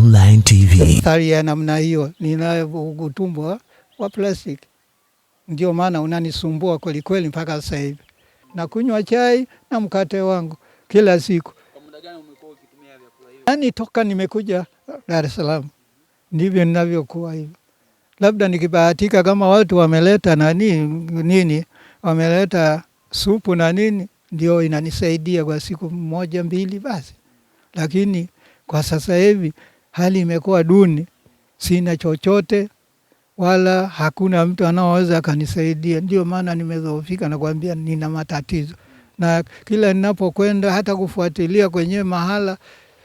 Online TV. Hali ya namna hiyo ninayo utumbo wa plastic, ndio maana unanisumbua kweli kweli mpaka sasa hivi. Na kunywa chai na mkate wangu kila siku. Kwa muda gani umekuwa ukitumia vyakula hivyo? Yaani toka nimekuja Dar es Salaam ndivyo ninavyokuwa hivyo, labda nikibahatika kama watu wameleta nani nini, wameleta supu na nini, ndio inanisaidia kwa siku moja mbili basi, lakini kwa sasa hivi hali imekuwa duni, sina chochote wala hakuna mtu anaoweza akanisaidia. Ndio maana nimedhoofika na kuambia nina matatizo, na kila ninapokwenda hata kufuatilia kwenye mahala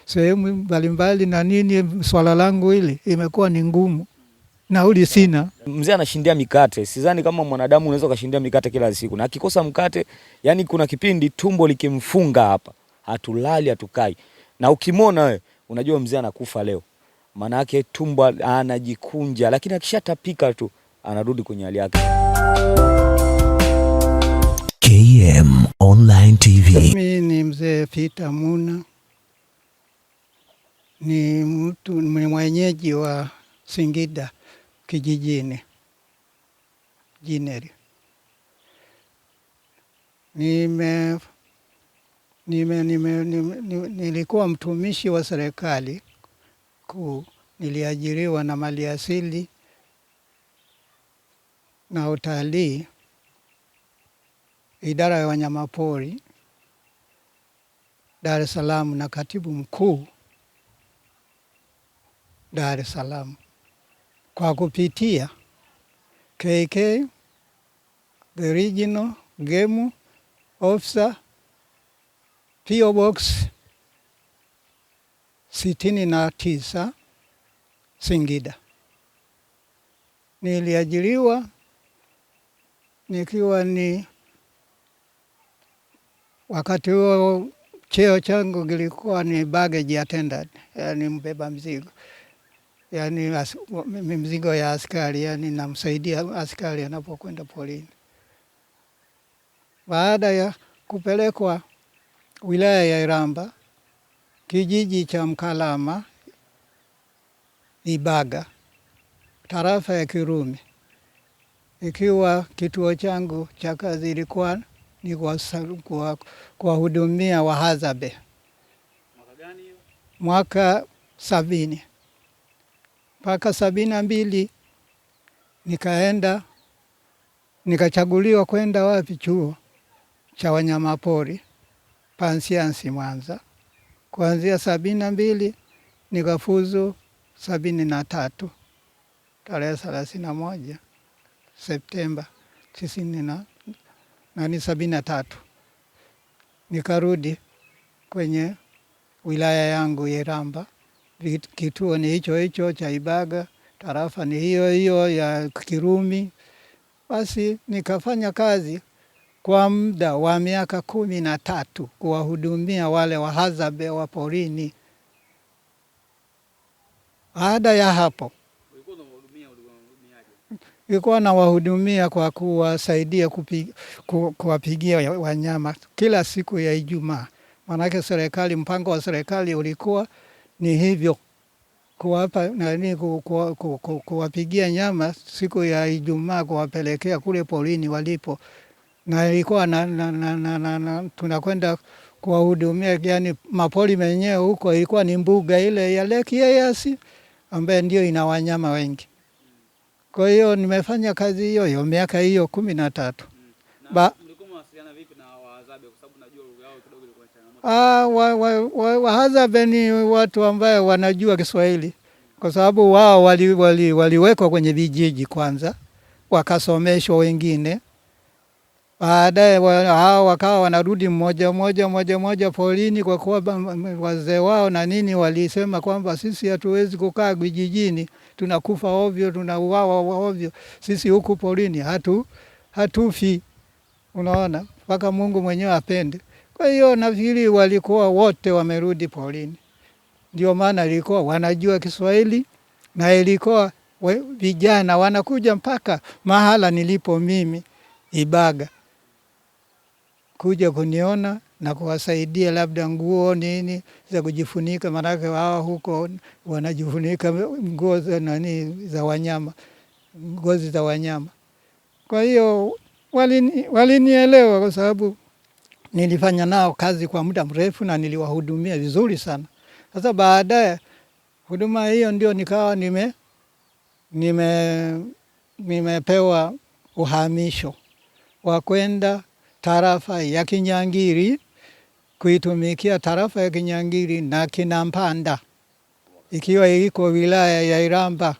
sehemu mbalimbali na nini, swala langu hili imekuwa ni ngumu, nauli sina. Mzee anashindia mikate, sidhani kama mwanadamu unaweza ukashindia mikate kila siku, na akikosa mkate, yani kuna kipindi tumbo likimfunga hapa, hatulali hatukai, na ukimwona Unajua mzee anakufa leo, maana yake tumbo anajikunja, lakini akishatapika tu anarudi kwenye hali yake. KM Online TV. Mimi ni mzee Peter Muna, ni mtu ni mwenyeji wa Singida kijijini Jineri nimefa nime, nime, nime, nilikuwa mtumishi wa serikali kuu, niliajiriwa na maliasili na utalii, idara ya wanyamapori Dar es Salaam, na katibu mkuu Dar es Salaam kwa kupitia KK the regional game officer PO Box 69 Singida. Niliajiriwa nikiwa ni wakati huo cheo changu kilikuwa ni baggage attendant, yani mbeba mzigo, yani as, mzigo ya askari, yani namsaidia askari anapokwenda polini. Baada ya kupelekwa wilaya ya Iramba, kijiji cha Mkalama Ibaga, tarafa ya Kirumi, ikiwa kituo changu cha kazi ilikuwa ni kuwahudumia wahazabe mwaka sabini mpaka sabini na mbili nikaenda nikachaguliwa kwenda wapi, chuo cha wanyamapori pansiansi Mwanza. Kuanzia sabini na mbili nikafuzu sabini na tatu tarehe thelathini na moja Septemba tisini na nani sabini na tatu nikarudi kwenye wilaya yangu yeramba Iramba. Kituo ni hicho hicho cha Ibaga, tarafa ni hiyo hiyo ya Kirumi. Basi nikafanya kazi kwa muda wa miaka kumi na tatu kuwahudumia wale wahadzabe wa porini. Baada ya hapo ilikuwa nawahudumia kwa kuwasaidia kuwapigia wanyama kila siku ya Ijumaa, maanake serikali, mpango wa serikali ulikuwa ni hivyo kuwapa nani, kuwapigia nyama siku ya Ijumaa, kuwapelekea kule porini walipo na ilikuwa na, na, na, na, na, na, tunakwenda kuwahudumia yani mapori menyewe huko, ilikuwa ni mbuga ile ya Lake Eyasi ambaye ndio ina wanyama wengi. Kwa hiyo nimefanya kazi hiyo hiyo miaka hiyo kumi na tatu. Wahadzabe ah, ni watu ambaye wanajua Kiswahili kwa sababu wao waliwekwa wali, wali kwenye vijiji kwanza, wakasomeshwa wengine Baadaye hao wakawa wanarudi mmoja mmoja mmoja mmoja polini, kwa kuwa wazee wao na nini walisema kwamba sisi hatuwezi kukaa vijijini, tunakufa ovyo, tunauawa ovyo. Sisi huku polini hatu hatufi, unaona, mpaka Mungu mwenyewe apende. Kwa hiyo nafikiri walikuwa wote wamerudi polini, ndio maana ilikuwa wanajua Kiswahili na ilikuwa vijana wanakuja mpaka mahala nilipo mimi Ibaga kuja kuniona na kuwasaidia labda nguo nini za kujifunika, maanake wao huko wanajifunika nguo za nani za wanyama, ngozi za wanyama. Kwa hiyo walinielewa wali, kwa sababu nilifanya nao kazi kwa muda mrefu na niliwahudumia vizuri sana. Sasa baadaye huduma hiyo ndio nikawa nime, nime, nimepewa uhamisho wa kwenda tarafa ya Kinyangiri kuitumikia tarafa ya Kinyangiri na Kinampanda ikiwa iko wilaya ya Iramba,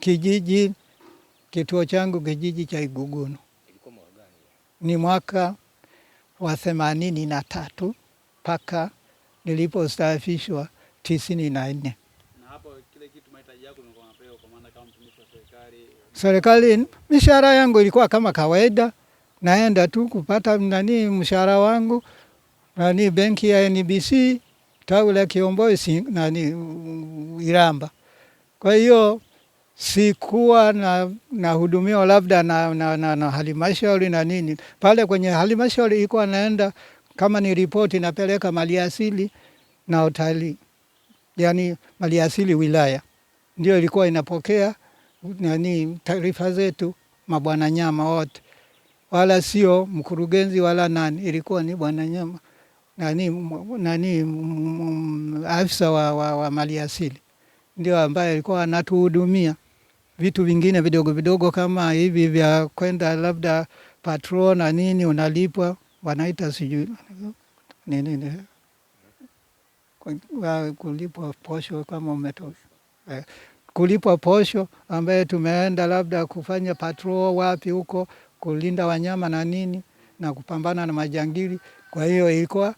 kijiji kituo changu kijiji cha Igugunu. Ni mwaka wa themanini na tatu mpaka nilipostaafishwa tisini na nne. Serikali mishahara yangu ilikuwa kama kawaida naenda tu kupata nani mshahara wangu nani benki ya NBC tawi la Kiomboi nani Iramba. Kwa hiyo sikuwa na, na hudumiwa labda na, na, na, na halmashauri na nini pale kwenye halmashauri ilikuwa naenda kama ni ripoti napeleka maliasili na utalii, yani maliasili wilaya ndio ilikuwa inapokea nani taarifa zetu mabwana nyama wote wala sio mkurugenzi wala nani, ilikuwa ni bwana nyama nani, nani afisa wa, wa, wa maliasili ndio ambaye alikuwa anatuhudumia. Vitu vingine vidogo vidogo kama hivi vya kwenda labda patro na nini, unalipwa wanaita sijui nini, kulipwa posho kama umetoka eh, kulipwa posho, ambaye tumeenda labda kufanya patro wapi huko kulinda wanyama na nini na kupambana na majangili. Kwa hiyo ilikuwa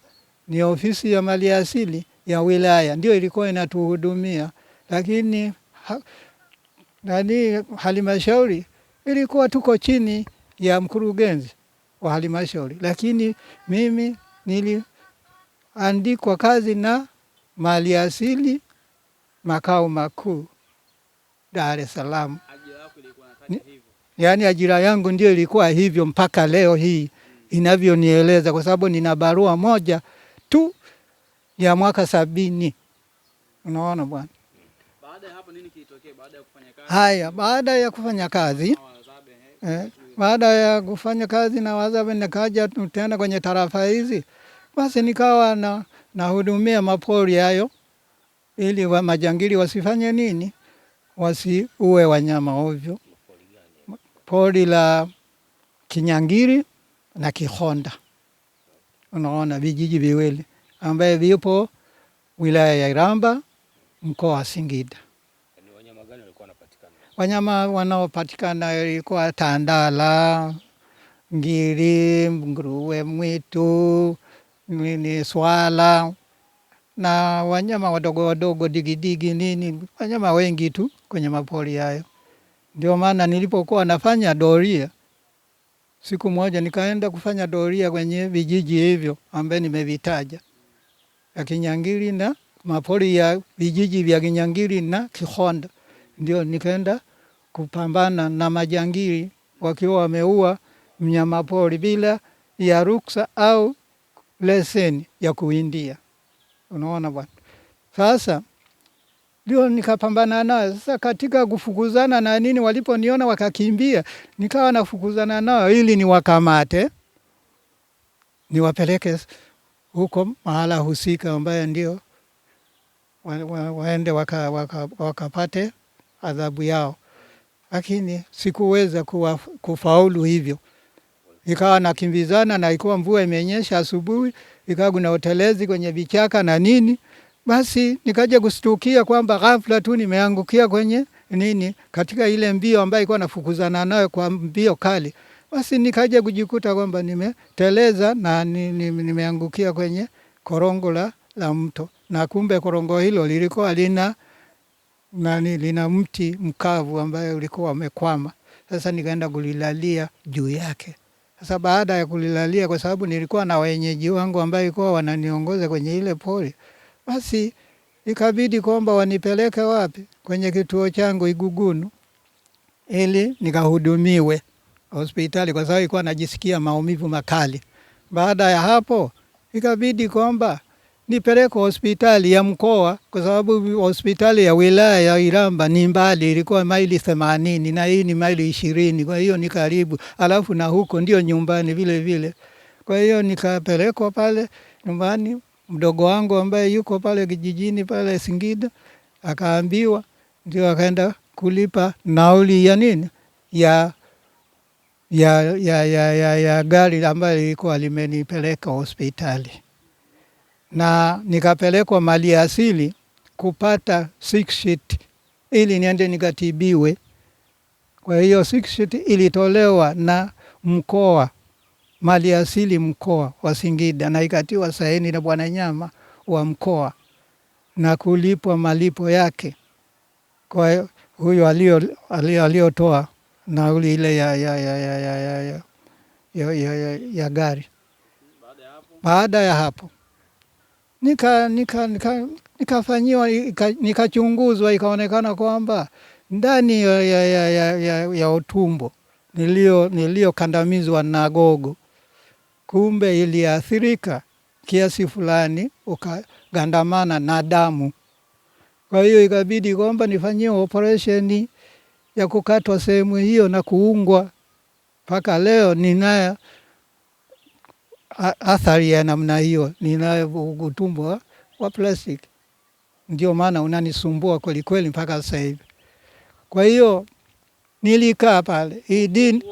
ni ofisi ya mali asili ya wilaya ndio ilikuwa inatuhudumia, lakini ha, nani halmashauri ilikuwa tuko chini ya mkurugenzi wa halmashauri, lakini mimi niliandikwa kazi na mali asili makao makuu Dar es Salaam. Yaani ajira yangu ndio ilikuwa hivyo mpaka leo hii inavyonieleza, kwa sababu nina barua moja tu ya mwaka sabini. Unaona bwana. Haya, baada ya kufanya kazi eh? eh, baada ya kufanya kazi na Wahadzabe nikaja tena kwenye tarafa hizi, basi nikawa na nahudumia mapori hayo ili wa majangili wasifanye nini, wasiue wanyama ovyo pori la Kinyangiri na Kihonda, unaona vijiji viwili ambaye vipo wilaya ya Iramba mkoa wa Singida. Wanyama gani walikuwa wanapatikana? Wanyama wanaopatikana ilikuwa tandala, ngiri, nguruwe mwitu, nini, swala na wanyama wadogo wadogo digidigi nini, wanyama wengi tu kwenye mapori hayo. Ndio maana nilipokuwa nafanya doria, siku moja nikaenda kufanya doria kwenye vijiji hivyo ambaye nimevitaja ya Kinyangiri na mapori ya vijiji vya Kinyangiri na Kihonda, ndio nikaenda kupambana na majangili wakiwa wameua mnyamapori bila ya ruksa au leseni ya kuindia. Unaona bwana, sasa ndio nikapambana nayo. Sasa katika kufukuzana na nini, waliponiona wakakimbia, nikawa nafukuzana nao ili niwakamate niwapeleke huko mahala husika, ambayo ndio wa, wa, waende wakapate waka, waka adhabu yao, lakini sikuweza kuwa, kufaulu hivyo ikawa nakimbizana na ikuwa mvua imenyesha asubuhi, ikawa kuna utelezi kwenye vichaka na nini. Basi nikaja kustukia kwamba ghafla tu nimeangukia kwenye nini, katika ile mbio ambayo ilikuwa nafukuzana nayo kwa mbio kali. Basi nikaja kujikuta kwamba nimeteleza na nimeangukia kwenye korongo la, la mto, na kumbe korongo hilo lilikuwa lina nani, lina mti mkavu ambayo ulikuwa umekwama. Sasa nikaenda kulilalia juu yake. Sasa baada ya kulilalia, kwa sababu nilikuwa na wenyeji wangu ambayo ilikuwa wananiongoza kwenye ile pori basi ikabidi kwamba wanipeleke wapi? Kwenye kituo changu Igugunu ili nikahudumiwe hospitali, kwa sababu ilikuwa najisikia maumivu makali. Baada ya hapo, ikabidi kwamba nipelekwe hospitali ya mkoa, kwa sababu hospitali ya wilaya ya Iramba ni mbali, ilikuwa maili themanini na hii ni maili ishirini, kwa hiyo ni karibu, alafu na huko ndio nyumbani vile vile. Kwa hiyo nikapelekwa pale nyumbani mdogo wangu ambaye yuko pale kijijini pale Singida, akaambiwa, ndio akaenda kulipa nauli ya nini ya ya, ya, ya, ya, ya gari ambayo ilikuwa limenipeleka hospitali, na nikapelekwa mali asili kupata six sheet ili niende nikatibiwe. Kwa hiyo six sheet ilitolewa na mkoa mali asili mkoa wa Singida na ikatiwa saini na bwana nyama wa mkoa na kulipwa malipo yake kwa huyo aliyotoa nauli ile ya, ya, ya, ya, ya, ya, ya, ya, ya, ya, ya gari. Baada ya hapo nika nikafanyiwa nika, nikachunguzwa nika ikaonekana kwamba ndani ya, ya, ya, ya, ya utumbo nilio niliyokandamizwa na gogo kumbe iliathirika kiasi fulani, ukagandamana na damu. Kwa hiyo ikabidi kwamba nifanyie operesheni ya kukatwa sehemu hiyo na kuungwa. Mpaka leo ninayo athari ya namna hiyo, ninayo utumbo wa plastiki, ndio maana unanisumbua kwelikweli mpaka sasa hivi. Kwa hiyo nilikaa pale hii dini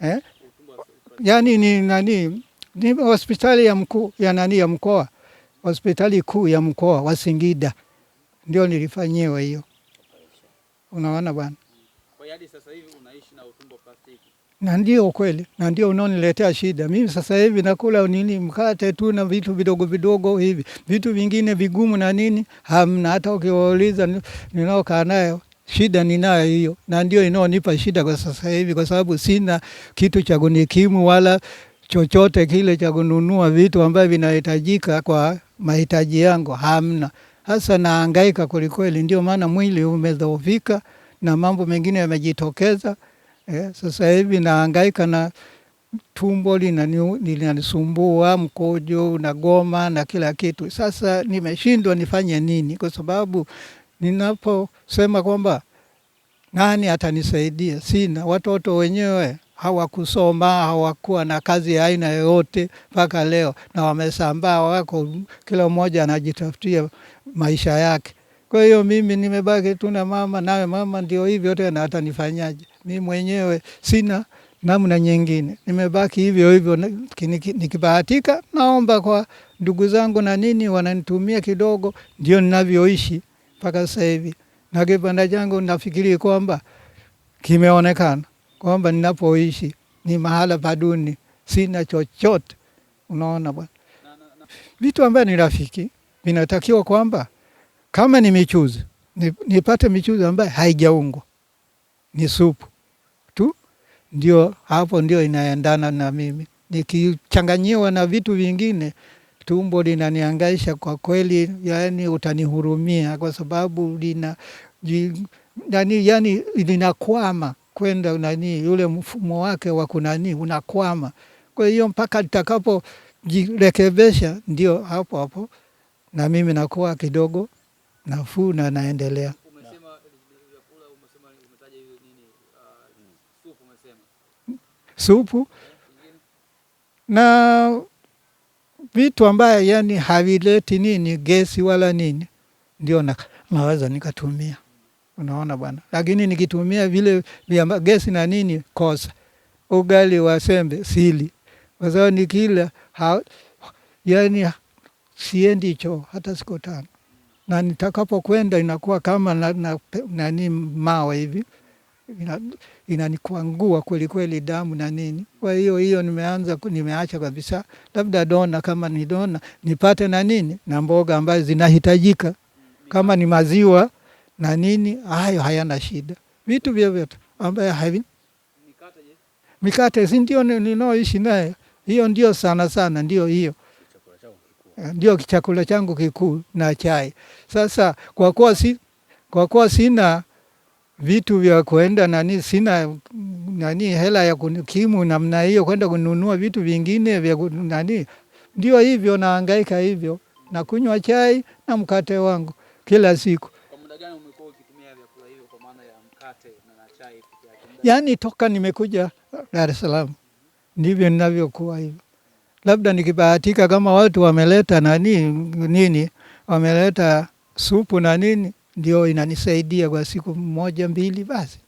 eh? Yaani ni nani, ni hospitali ya mkuu ya nani ya mkoa, hospitali kuu ya mkoa wa Singida ndio nilifanyiwa hiyo. Unaona bwana, na ndio kweli, na ndio unaoniletea shida mimi. Sasa hivi nakula nini? Mkate tu na vitu vidogo vidogo hivi, vitu vingine vigumu na nini hamna. Hata ukiwauliza ninaokaa nayo shida ninayo hiyo, na ndio inaonipa shida kwa sasa hivi, kwa sababu sina kitu cha kunikimu wala chochote kile cha kununua vitu ambavyo vinahitajika kwa mahitaji yangu, hamna. Hasa naangaika kwelikweli, ndio maana mwili umedhoofika na mambo mengine yamejitokeza. Eh, sasa hivi naangaika na tumbo linanisumbua, mkojo unagoma na kila kitu. Sasa nimeshindwa nifanye nini, kwa sababu ninaposema kwamba nani atanisaidia, sina watoto wenyewe hawakusoma hawakuwa na kazi ya aina yoyote mpaka leo, na wamesambaa wako, kila mmoja anajitafutia maisha yake. Kwa hiyo mimi nimebaki tu na mama, nawe mama ndio hivyo tena, nifanyaje? Mi mwenyewe sina namna nyingine, nimebaki hivyo hivyo. Nikibahatika naomba kwa ndugu zangu na nini, wananitumia kidogo, ndio ninavyoishi mpaka sasa hivi, na kibanda changu nafikiri kwamba kimeonekana kwamba ninapoishi ni mahala paduni, sina chochote. Unaona bwana, vitu ambayo ni rafiki vinatakiwa kwamba kama ni michuzi nipate michuzi ambayo haijaungwa, ni supu tu, ndio hapo ndio inaendana na mimi. Nikichanganyiwa na vitu vingine tumbo linaniangaisha kwa kweli, yani utanihurumia kwa sababu lina nani, yani linakwama kwenda nani, yule mfumo wake wa kunani unakwama. Kwa hiyo mpaka litakapojirekebesha, ndio hapo hapo na mimi nakuwa kidogo nafuu na naendelea. Ah, mm. Supu eh, na vitu ambaye yani havileti nini gesi wala nini, ndio na, naweza nikatumia. Unaona bwana, lakini nikitumia vile vya gesi na nini, kosa ugali wa sembe sili, kwa sababu nikila ha, yani siendi choo hata siku tano, na nitakapokwenda inakuwa kama na, na, na, nani mawa hivi inanikwangua kweli kweli, damu na nini. Kwa hiyo hiyo nimeanza nimeacha kabisa, labda dona kama ni dona nipate na nini na mboga ambazo zinahitajika, kama ni maziwa na nini, hayo hayana shida, vitu vyovyote ambayo havi mikate, si ndio ninaoishi naye, hiyo ndio sana sana, ndio hiyo eh, ndio chakula changu kikuu na chai. Sasa kwa kuwa si, kwa kuwa sina vitu vya kwenda nani, sina nani hela ya kukimu namna hiyo kwenda kununua vitu vingine vya nani. Ndio hivyo naangaika hivyo, nakunywa chai na mkate wangu kila siku. Kwa muda gani umekuwa ukitumia vyakula hivyo, kwa maana ya mkate na chai Yaani toka nimekuja Dar es Salaam ndivyo ninavyokuwa hivyo, labda nikibahatika kama watu wameleta nani nini, wameleta supu na nini ndio inanisaidia kwa siku moja mbili basi,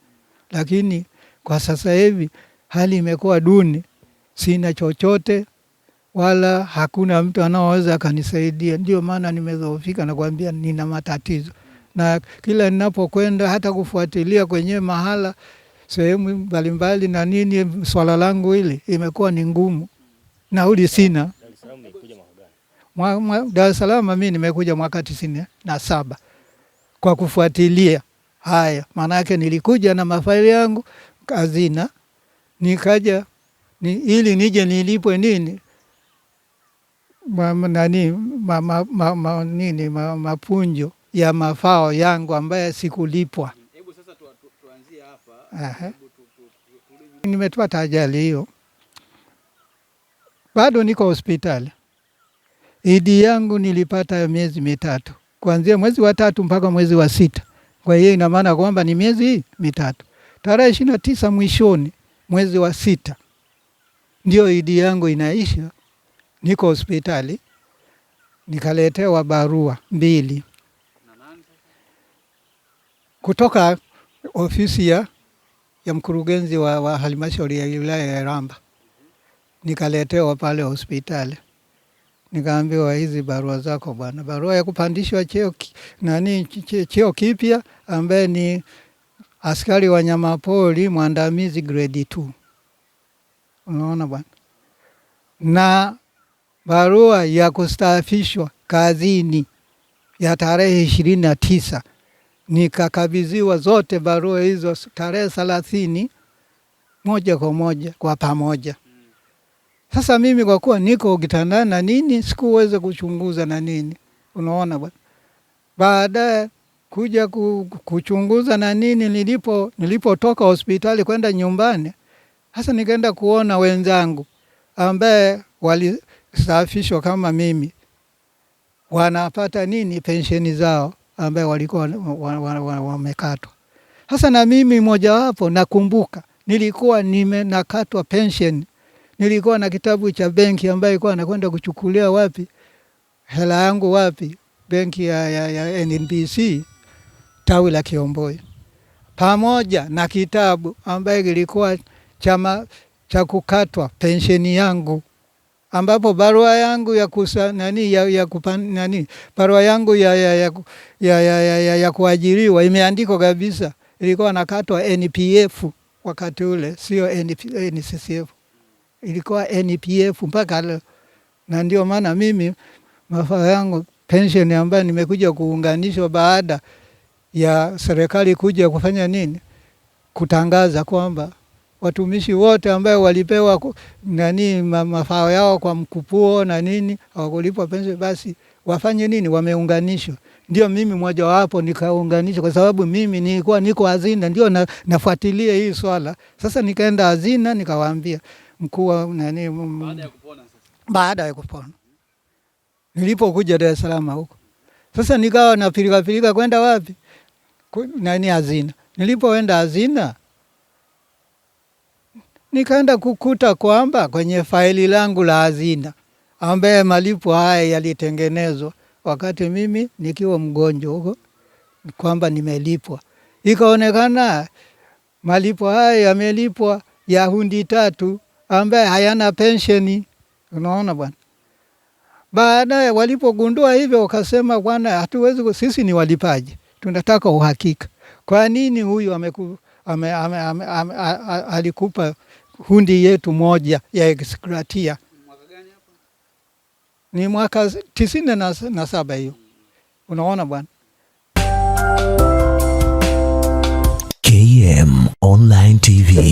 lakini kwa sasa hivi hali imekuwa duni, sina chochote wala hakuna mtu anaoweza akanisaidia. Ndio maana nimedhoofika na kuambia nina matatizo, na kila ninapokwenda hata kufuatilia kwenye mahala sehemu mbalimbali na nini, swala langu hili imekuwa ni ngumu, nauli sina. Dar es Salaam mimi nimekuja mwaka tisini na saba kwa kufuatilia haya. Maana yake nilikuja na mafaili yangu kazina, nikaja ni, ili nije nilipwe nini ma, nani ma, ma, ma, ma, nini ma, mapunjo ya mafao yangu ambayo sikulipwa. Hebu sasa tu, tu, tuanzie hapa. Nimepata ajali hiyo, bado niko hospitali. Idi yangu nilipata miezi mitatu kuanzia mwezi wa tatu mpaka mwezi wa sita. Kwa hiyo ina maana kwamba ni miezi mitatu. Tarehe ishirini na tisa mwishoni mwezi wa sita ndio idi yangu inaisha. Niko hospitali nikaletewa barua mbili kutoka ofisi ya, ya mkurugenzi wa, wa halmashauri ya wilaya ya Iramba, nikaletewa pale hospitali nikaambiwa hizi barua zako bwana, barua ya kupandishwa cheo nani, cheo kipya ambaye ni askari wanyamapori mwandamizi grade 2. Unaona bwana, na barua ya kustaafishwa kazini ya tarehe ishirini na tisa nikakabidhiwa zote barua hizo tarehe thelathini moja kwa moja kwa pamoja. Sasa mimi kwa kuwa niko kitandani na nini, sikuweza kuchunguza na nini, unaona bwana. Baadaye kuja kuchunguza na nini, nilipo nilipotoka hospitali kwenda nyumbani, sasa nikaenda kuona wenzangu ambaye walisafishwa kama mimi, wanapata nini pensheni zao ambaye walikuwa wamekatwa. Sasa na mimi mojawapo nakumbuka nilikuwa nimenakatwa pensheni nilikuwa na kitabu cha benki ambayo ilikuwa nakwenda kuchukulia wapi hela yangu wapi, benki ya, ya, ya NBC tawi la kiomboi pamoja na kitabu ambayo kilikuwa chama cha kukatwa pensheni yangu, ambapo barua yangu ya kusa, nani, ya, ya kupan, nani, barua yangu ya, ya, ya, ya, ya, ya, ya, ya kuajiriwa imeandikwa kabisa, ilikuwa nakatwa NPF wakati ule, sio NCCF ilikuwa NPF mpaka leo, na ndio maana mimi mafao yangu pension ambayo nimekuja kuunganishwa baada ya serikali kuja kufanya nini, kutangaza kwamba watumishi wote ambao walipewa nani mafao yao kwa mkupuo na nini hawakulipwa pensheni, basi wafanye nini, wameunganishwa. Ndio mimi mojawapo nikaunganishwa, kwa sababu mimi nilikuwa niko hazina, ndio na, nafuatilia hii swala. Sasa nikaenda hazina nikawaambia mkuu wa nani, um, um, baada ya kupona baada ya kupona nilipokuja Dar es Salaam huko sasa, nikawa napilika pilika kwenda wapi nani, hazina. Nilipoenda hazina, nikaenda kukuta kwamba kwenye faili langu la hazina, ambaye malipo haya yalitengenezwa wakati mimi nikiwa mgonjwa huko, kwamba nimelipwa, ikaonekana malipo haya yamelipwa ya hundi tatu ambaye hayana pensheni. Unaona bwana. Baadaye walipogundua hivyo, wakasema bwana, hatuwezi sisi, ni walipaji, tunataka uhakika. Kwa nini huyu ameku, ame, ame, ame, ame, alikupa hundi yetu moja ya ekskratia? Ni mwaka tisini na saba hiyo. Unaona bwana. KM Online TV.